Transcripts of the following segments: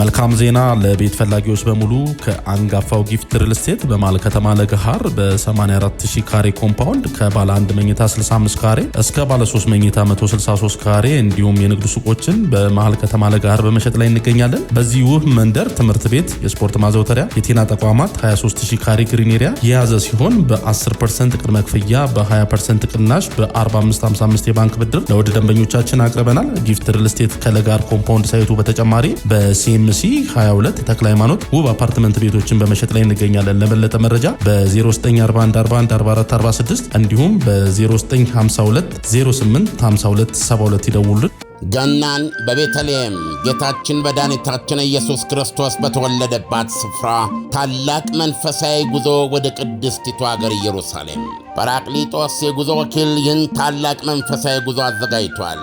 መልካም ዜና ለቤት ፈላጊዎች በሙሉ ከአንጋፋው ጊፍት ሪል ስቴት በመሃል ከተማ ለገሃር በ84000 ካሬ ኮምፓውንድ ከባለ 1 መኝታ 65 ካሬ እስከ ባለ 3 መኝታ 163 ካሬ እንዲሁም የንግድ ሱቆችን በማል ከተማ ለገሃር በመሸጥ ላይ እንገኛለን። በዚህ ውህ መንደር ትምህርት ቤት፣ የስፖርት ማዘውተሪያ፣ የጤና ተቋማት 23000 ካሬ ግሪን ኤሪያ የያዘ ሲሆን በ10% ቅድመ ክፍያ በ20% ቅናሽ በ4555 የባንክ ብድር ለውድ ደንበኞቻችን አቅርበናል። ጊፍት ሪል ስቴት ከለጋር ኮምፓውንድ ሳይቱ በተጨማሪ በሲም ኤምሲ 22 ተክለ ሃይማኖት ውብ አፓርትመንት ቤቶችን በመሸጥ ላይ እንገኛለን። ለበለጠ መረጃ በ0941414446 እንዲሁም በ0952085272 ይደውሉን። ገናን በቤተልሔም ጌታችን መድኃኒታችን ኢየሱስ ክርስቶስ በተወለደባት ስፍራ ታላቅ መንፈሳዊ ጉዞ ወደ ቅድስቲቱ አገር ኢየሩሳሌም ጳራቅሊጦስ የጉዞ ወኪል ይህን ታላቅ መንፈሳዊ ጉዞ አዘጋጅቷል።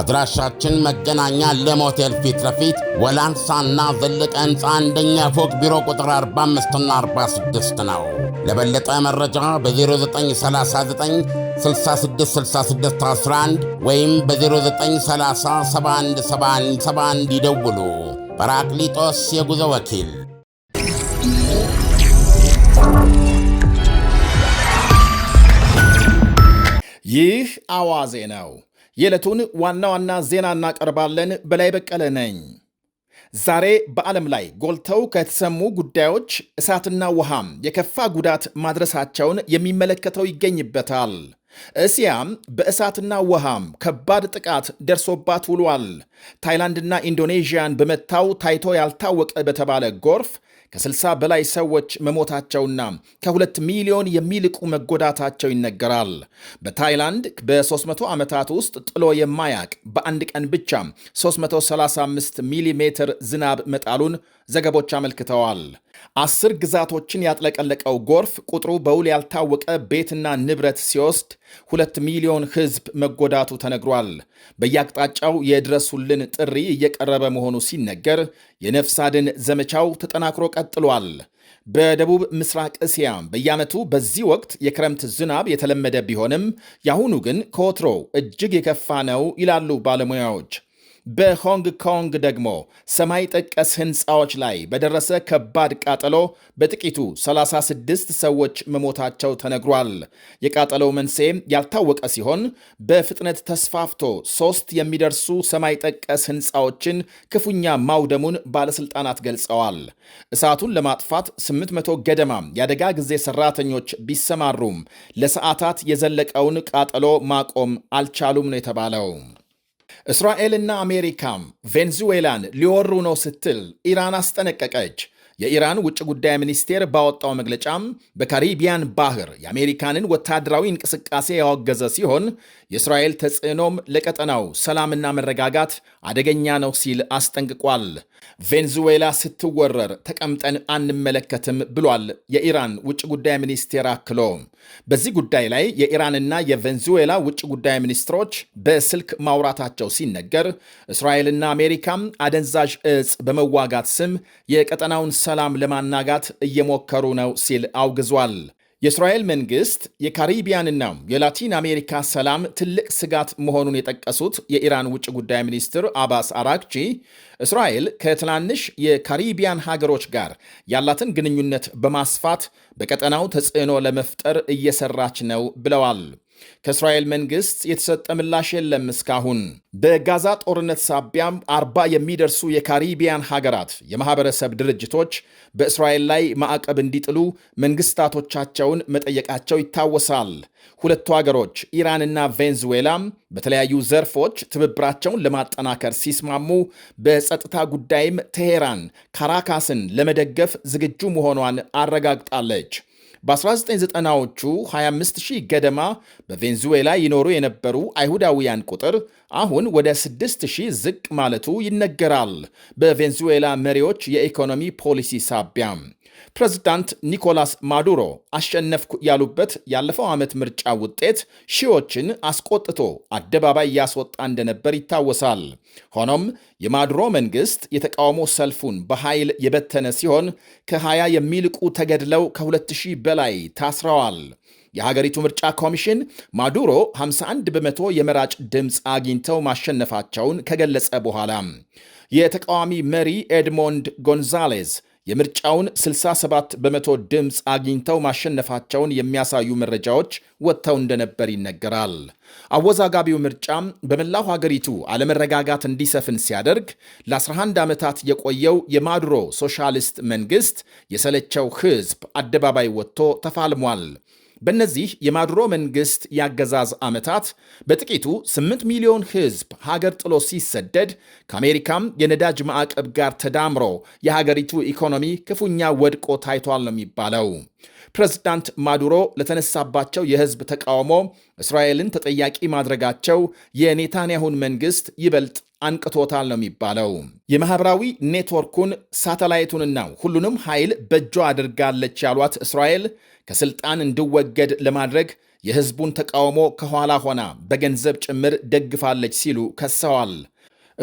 አድራሻችን መገናኛ ለሞቴል ፊት ለፊት ወላንሳና ዘለቀ ህንፃ አንደኛ ፎቅ ቢሮ ቁጥር 45ና 46 ነው። ለበለጠ መረጃ በ0939666611 ወይም በ0930717171 ይደውሉ። ጰራቅሊጦስ የጉዞ ወኪል ይህ አዋዜ ነው። የዕለቱን ዋና ዋና ዜና እናቀርባለን። በላይ በቀለ ነኝ። ዛሬ በዓለም ላይ ጎልተው ከተሰሙ ጉዳዮች እሳትና ውሃም የከፋ ጉዳት ማድረሳቸውን የሚመለከተው ይገኝበታል። እስያም በእሳትና ውሃም ከባድ ጥቃት ደርሶባት ውሏል። ታይላንድና ኢንዶኔዥያን በመታው ታይቶ ያልታወቀ በተባለ ጎርፍ ከ60 በላይ ሰዎች መሞታቸውና ከ2 ሚሊዮን የሚልቁ መጎዳታቸው ይነገራል። በታይላንድ በ300 ዓመታት ውስጥ ጥሎ የማያቅ በአንድ ቀን ብቻ 335 ሚሊሜትር ዝናብ መጣሉን ዘገቦች አመልክተዋል። አስር ግዛቶችን ያጥለቀለቀው ጎርፍ ቁጥሩ በውል ያልታወቀ ቤትና ንብረት ሲወስድ ሁለት ሚሊዮን ሕዝብ መጎዳቱ ተነግሯል። በየአቅጣጫው የድረሱልን ጥሪ እየቀረበ መሆኑ ሲነገር የነፍስ አድን ዘመቻው ተጠናክሮ ቀጥሏል። በደቡብ ምስራቅ እስያ በየዓመቱ በዚህ ወቅት የክረምት ዝናብ የተለመደ ቢሆንም የአሁኑ ግን ከወትሮው እጅግ የከፋ ነው ይላሉ ባለሙያዎች። በሆንግ ኮንግ ደግሞ ሰማይ ጠቀስ ሕንፃዎች ላይ በደረሰ ከባድ ቃጠሎ በጥቂቱ 36 ሰዎች መሞታቸው ተነግሯል። የቃጠሎው መንስኤም ያልታወቀ ሲሆን በፍጥነት ተስፋፍቶ ሶስት የሚደርሱ ሰማይ ጠቀስ ሕንፃዎችን ክፉኛ ማውደሙን ባለሥልጣናት ገልጸዋል። እሳቱን ለማጥፋት 800 ገደማ የአደጋ ጊዜ ሰራተኞች ቢሰማሩም ለሰዓታት የዘለቀውን ቃጠሎ ማቆም አልቻሉም ነው የተባለው። እስራኤልና አሜሪካም ቬንዙዌላን ሊወሩ ነው ስትል ኢራን አስጠነቀቀች። የኢራን ውጭ ጉዳይ ሚኒስቴር ባወጣው መግለጫም በካሪቢያን ባህር የአሜሪካንን ወታደራዊ እንቅስቃሴ ያወገዘ ሲሆን የእስራኤል ተጽዕኖም ለቀጠናው ሰላምና መረጋጋት አደገኛ ነው ሲል አስጠንቅቋል። ቬንዙዌላ ስትወረር ተቀምጠን አንመለከትም ብሏል የኢራን ውጭ ጉዳይ ሚኒስቴር አክሎ። በዚህ ጉዳይ ላይ የኢራንና የቬንዙዌላ ውጭ ጉዳይ ሚኒስትሮች በስልክ ማውራታቸው ሲነገር እስራኤልና አሜሪካም አደንዛዥ እጽ በመዋጋት ስም የቀጠናውን ሰላም ለማናጋት እየሞከሩ ነው ሲል አውግዟል። የእስራኤል መንግስት የካሪቢያንና የላቲን አሜሪካ ሰላም ትልቅ ስጋት መሆኑን የጠቀሱት የኢራን ውጭ ጉዳይ ሚኒስትር አባስ አራክቺ እስራኤል ከትናንሽ የካሪቢያን ሀገሮች ጋር ያላትን ግንኙነት በማስፋት በቀጠናው ተጽዕኖ ለመፍጠር እየሰራች ነው ብለዋል። ከእስራኤል መንግስት የተሰጠ ምላሽ የለም እስካሁን። በጋዛ ጦርነት ሳቢያም አርባ የሚደርሱ የካሪቢያን ሀገራት የማህበረሰብ ድርጅቶች በእስራኤል ላይ ማዕቀብ እንዲጥሉ መንግስታቶቻቸውን መጠየቃቸው ይታወሳል። ሁለቱ ሀገሮች ኢራንና ቬንዙዌላም በተለያዩ ዘርፎች ትብብራቸውን ለማጠናከር ሲስማሙ በጸጥታ ጉዳይም ቴሄራን ካራካስን ለመደገፍ ዝግጁ መሆኗን አረጋግጣለች። በ1990ዎቹ 25000 ገደማ በቬንዙዌላ ይኖሩ የነበሩ አይሁዳውያን ቁጥር አሁን ወደ 6000 ዝቅ ማለቱ ይነገራል። በቬንዙዌላ መሪዎች የኢኮኖሚ ፖሊሲ ሳቢያም ፕሬዝዳንት ኒኮላስ ማዱሮ አሸነፍኩ ያሉበት ያለፈው ዓመት ምርጫ ውጤት ሺዎችን አስቆጥቶ አደባባይ ያስወጣ እንደነበር ይታወሳል። ሆኖም የማዱሮ መንግስት የተቃውሞ ሰልፉን በኃይል የበተነ ሲሆን ከ20 የሚልቁ ተገድለው ከ2000 በላይ ታስረዋል። የሀገሪቱ ምርጫ ኮሚሽን ማዱሮ 51 በመቶ የመራጭ ድምፅ አግኝተው ማሸነፋቸውን ከገለጸ በኋላ የተቃዋሚ መሪ ኤድሞንድ ጎንዛሌዝ የምርጫውን 67 በመቶ ድምፅ አግኝተው ማሸነፋቸውን የሚያሳዩ መረጃዎች ወጥተው እንደነበር ይነገራል። አወዛጋቢው ምርጫም በመላው ሀገሪቱ አለመረጋጋት እንዲሰፍን ሲያደርግ ለ11 ዓመታት የቆየው የማዱሮ ሶሻሊስት መንግስት የሰለቸው ህዝብ አደባባይ ወጥቶ ተፋልሟል። በእነዚህ የማዱሮ መንግስት የአገዛዝ ዓመታት በጥቂቱ 8 ሚሊዮን ህዝብ ሀገር ጥሎ ሲሰደድ ከአሜሪካም የነዳጅ ማዕቀብ ጋር ተዳምሮ የሀገሪቱ ኢኮኖሚ ክፉኛ ወድቆ ታይቷል ነው የሚባለው። ፕሬዝዳንት ማዱሮ ለተነሳባቸው የህዝብ ተቃውሞ እስራኤልን ተጠያቂ ማድረጋቸው የኔታንያሁን መንግስት ይበልጥ አንቅቶታል ነው የሚባለው። የማህበራዊ ኔትወርኩን ሳተላይቱንና ሁሉንም ኃይል በእጇ አድርጋለች ያሏት እስራኤል ከስልጣን እንዲወገድ ለማድረግ የህዝቡን ተቃውሞ ከኋላ ሆና በገንዘብ ጭምር ደግፋለች ሲሉ ከሰዋል።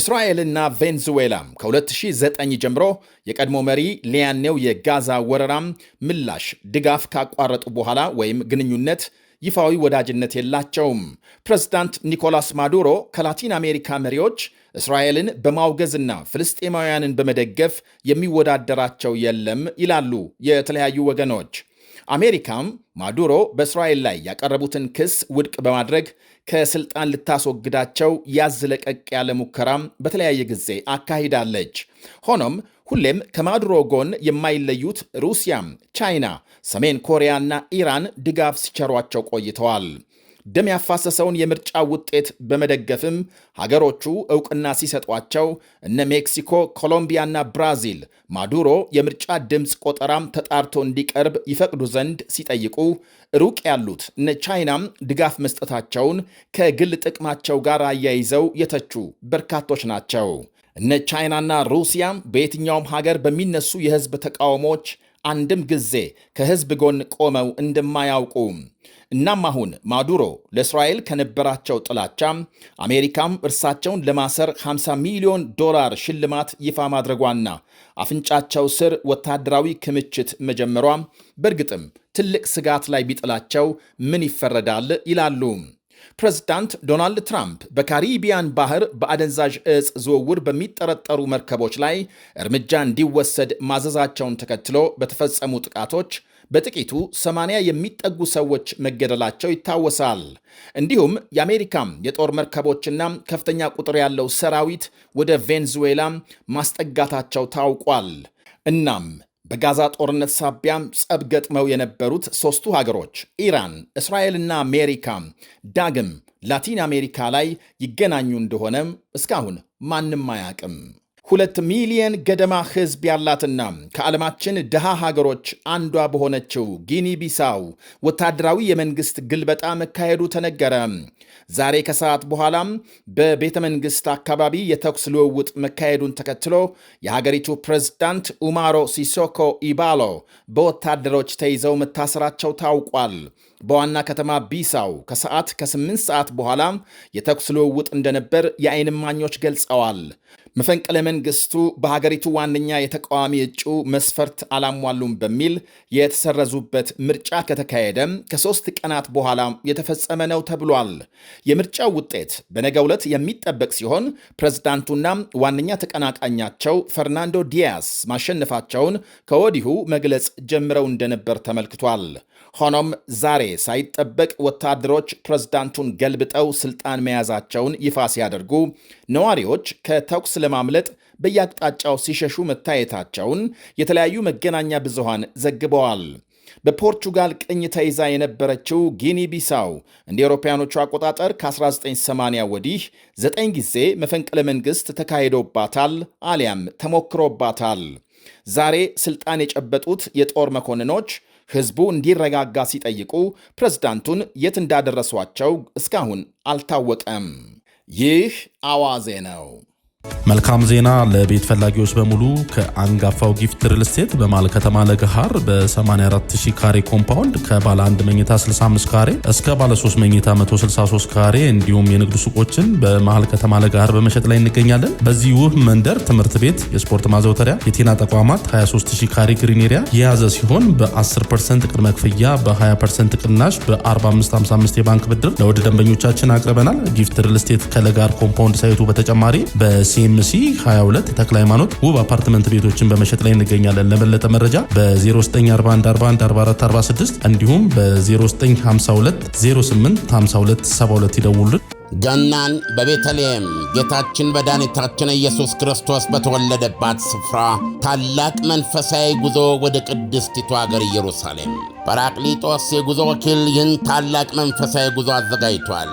እስራኤልና ቬንዙዌላ ከ2009 ጀምሮ የቀድሞ መሪ ሊያኔው የጋዛ ወረራም ምላሽ ድጋፍ ካቋረጡ በኋላ ወይም ግንኙነት ይፋዊ ወዳጅነት የላቸውም። ፕሬዝዳንት ኒኮላስ ማዱሮ ከላቲን አሜሪካ መሪዎች እስራኤልን በማውገዝና ፍልስጤማውያንን በመደገፍ የሚወዳደራቸው የለም ይላሉ የተለያዩ ወገኖች። አሜሪካም ማዱሮ በእስራኤል ላይ ያቀረቡትን ክስ ውድቅ በማድረግ ከስልጣን ልታስወግዳቸው ያዝለቀቅ ያለ ሙከራም በተለያየ ጊዜ አካሂዳለች። ሆኖም ሁሌም ከማዱሮ ጎን የማይለዩት ሩሲያ፣ ቻይና፣ ሰሜን ኮሪያና ኢራን ድጋፍ ሲቸሯቸው ቆይተዋል። ደም ያፋሰሰውን የምርጫ ውጤት በመደገፍም ሀገሮቹ እውቅና ሲሰጧቸው እነ ሜክሲኮ፣ ኮሎምቢያና ብራዚል ማዱሮ የምርጫ ድምፅ ቆጠራም ተጣርቶ እንዲቀርብ ይፈቅዱ ዘንድ ሲጠይቁ ሩቅ ያሉት እነ ቻይናም ድጋፍ መስጠታቸውን ከግል ጥቅማቸው ጋር አያይዘው የተቹ በርካቶች ናቸው። እነ ቻይናና ሩሲያም በየትኛውም ሀገር በሚነሱ የህዝብ ተቃውሞዎች አንድም ጊዜ ከህዝብ ጎን ቆመው እንደማያውቁ እናም አሁን ማዱሮ ለእስራኤል ከነበራቸው ጥላቻ አሜሪካም እርሳቸውን ለማሰር 50 ሚሊዮን ዶላር ሽልማት ይፋ ማድረጓና አፍንጫቸው ስር ወታደራዊ ክምችት መጀመሯ በእርግጥም ትልቅ ስጋት ላይ ቢጥላቸው ምን ይፈረዳል ይላሉ። ፕሬዝዳንት ዶናልድ ትራምፕ በካሪቢያን ባህር በአደንዛዥ እጽ ዝውውር በሚጠረጠሩ መርከቦች ላይ እርምጃ እንዲወሰድ ማዘዛቸውን ተከትሎ በተፈጸሙ ጥቃቶች በጥቂቱ ሰማንያ የሚጠጉ ሰዎች መገደላቸው ይታወሳል። እንዲሁም የአሜሪካም የጦር መርከቦችና ከፍተኛ ቁጥር ያለው ሰራዊት ወደ ቬንዙዌላ ማስጠጋታቸው ታውቋል። እናም በጋዛ ጦርነት ሳቢያም ጸብ ገጥመው የነበሩት ሦስቱ ሀገሮች ኢራን፣ እስራኤልና አሜሪካ ዳግም ላቲን አሜሪካ ላይ ይገናኙ እንደሆነም እስካሁን ማንም አያውቅም። ሁለት ሚሊየን ገደማ ህዝብ ያላትና ከዓለማችን ድሃ ሀገሮች አንዷ በሆነችው ጊኒ ቢሳው ወታደራዊ የመንግሥት ግልበጣ መካሄዱ ተነገረ። ዛሬ ከሰዓት በኋላም በቤተ መንግሥት አካባቢ የተኩስ ልውውጥ መካሄዱን ተከትሎ የሀገሪቱ ፕሬዝዳንት ኡማሮ ሲሶኮ ኢባሎ በወታደሮች ተይዘው መታሰራቸው ታውቋል። በዋና ከተማ ቢሳው ከሰዓት ከ8 ሰዓት በኋላ የተኩስ ልውውጥ እንደነበር የዓይን እማኞች ገልጸዋል። መፈንቅለ መንግስቱ በሀገሪቱ ዋነኛ የተቃዋሚ እጩ መስፈርት አላሟሉም በሚል የተሰረዙበት ምርጫ ከተካሄደም ከሶስት ቀናት በኋላ የተፈጸመ ነው ተብሏል። የምርጫው ውጤት በነገ ዕለት የሚጠበቅ ሲሆን ፕሬዝዳንቱና ዋነኛ ተቀናቃኛቸው ፈርናንዶ ዲያስ ማሸነፋቸውን ከወዲሁ መግለጽ ጀምረው እንደነበር ተመልክቷል። ሆኖም ዛሬ ሳይጠበቅ ወታደሮች ፕሬዝዳንቱን ገልብጠው ስልጣን መያዛቸውን ይፋ ሲያደርጉ ነዋሪዎች ከተኩስ ለማምለጥ በየአቅጣጫው ሲሸሹ መታየታቸውን የተለያዩ መገናኛ ብዙሃን ዘግበዋል። በፖርቹጋል ቅኝ ተይዛ የነበረችው ጊኒ ቢሳው እንደ አውሮፓውያኖቹ አቆጣጠር ከ1980 ወዲህ ዘጠኝ ጊዜ መፈንቅለ መንግሥት ተካሂዶባታል አሊያም ተሞክሮባታል። ዛሬ ስልጣን የጨበጡት የጦር መኮንኖች ህዝቡ እንዲረጋጋ ሲጠይቁ ፕሬዝዳንቱን የት እንዳደረሷቸው እስካሁን አልታወቀም። ይህ አዋዜ ነው። መልካም ዜና ለቤት ፈላጊዎች በሙሉ ከአንጋፋው ጊፍት ሪል ስቴት ከተማ ለገሃር በ84000 ካሬ ኮምፓውንድ ከባለ 1 መኝታ 65 ካሬ እስከ ባለ 3 መኝታ 163 ካሬ እንዲሁም የንግድ ሱቆችን በመሃል ከተማ ለገሃር በመሸጥ ላይ እንገኛለን። በዚህ ውብ መንደር ትምህርት ቤት፣ የስፖርት ማዘውተሪያ፣ የጤና ተቋማት 23000 ካሬ ግሪን ኤሪያ የያዘ ሲሆን በ10% ቅድመ ክፍያ በ20% ቅናሽ በ4555 የባንክ ብድር ለውድ ደንበኞቻችን አቅርበናል። ጊፍት ሪል ስቴት ከለጋር ኮምፓውንድ ሳይቱ በተጨማሪ በ ሲኤምሲ 22 ተክለ ሃይማኖት ውብ አፓርትመንት ቤቶችን በመሸጥ ላይ እንገኛለን። ለበለጠ መረጃ በ0941414446 እንዲሁም በ0952085272 ይደውሉን። ገናን በቤተልሔም ጌታችን መድኃኒታችን ኢየሱስ ክርስቶስ በተወለደባት ስፍራ ታላቅ መንፈሳዊ ጉዞ ወደ ቅድስቲቱ አገር ኢየሩሳሌም ጰራቅሊጦስ የጉዞ ወኪል ይህን ታላቅ መንፈሳዊ ጉዞ አዘጋጅቷል።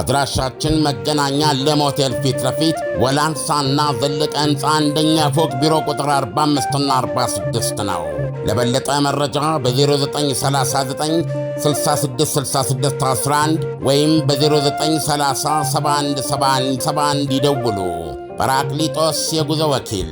አድራሻችን መገናኛ ለም ሆቴል ፊት ለፊት ወላንሳና ዘለቀ ህንፃ አንደኛ ፎቅ ቢሮ ቁጥር 45 እና 46 ነው። ለበለጠ መረጃ በ0939666611 ወይም በ0930717171 ይደውሉ። ጰራቅሊጦስ የጉዞ ወኪል